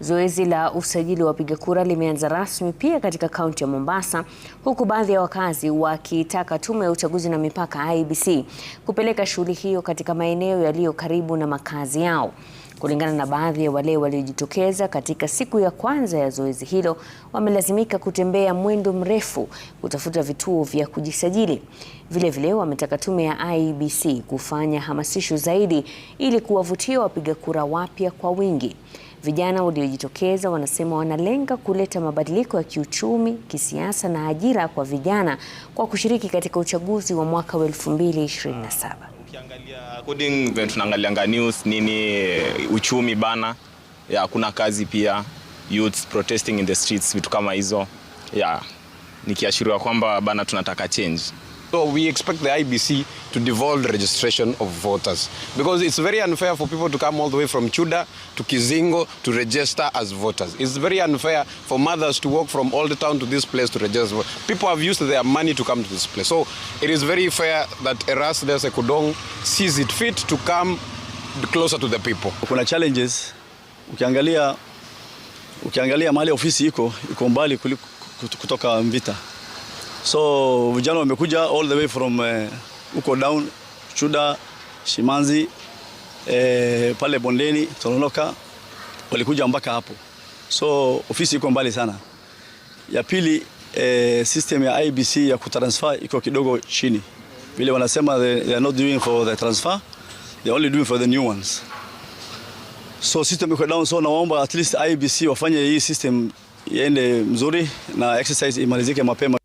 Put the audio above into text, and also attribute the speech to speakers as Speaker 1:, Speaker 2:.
Speaker 1: Zoezi la usajili wa wapiga kura limeanza rasmi pia katika kaunti ya Mombasa, huku baadhi ya wakazi wakitaka tume ya uchaguzi na mipaka IEBC kupeleka shughuli hiyo katika maeneo yaliyo karibu na makazi yao. Kulingana na baadhi ya wale waliojitokeza katika siku ya kwanza ya zoezi hilo, wamelazimika kutembea mwendo mrefu kutafuta vituo vya kujisajili. Vilevile wametaka tume ya IEBC kufanya hamasisho zaidi ili kuwavutia wapiga kura wapya kwa wingi. Vijana waliojitokeza wanasema wanalenga kuleta mabadiliko ya kiuchumi, kisiasa na ajira kwa vijana kwa kushiriki katika uchaguzi wa mwaka wa 2027.
Speaker 2: According when tunaangalia news nini uchumi bana ya kuna kazi pia youths protesting in the streets vitu kama hizo ya nikiashiriwa kwamba bana tunataka change.
Speaker 3: So we expect the IBC to devolve registration of voters because it's very unfair for people to come all the way from Chuda to Kizingo to register as voters. It's very unfair for mothers to walk from Old Town to this place to register. People have used their money to come to this place. So it is very fair that Erastus Ekudong sees it fit to come closer to the people.
Speaker 4: Kuna challenges ukiangalia ukiangalia mahali ofisi iko iko mbali kutoka Mvita So vijana wamekuja all the way from eh, huko uh, down Chuda, Shimanzi eh, pale bondeni Tononoka walikuja mpaka hapo. So ofisi iko mbali sana. Ya pili eh, system ya IBC ya kutransfer iko kidogo chini, vile wanasema they, they are not doing for the transfer, they are only doing for the new ones. So system iko down, so naomba at least IBC wafanye hii system iende mzuri na exercise imalizike mapema.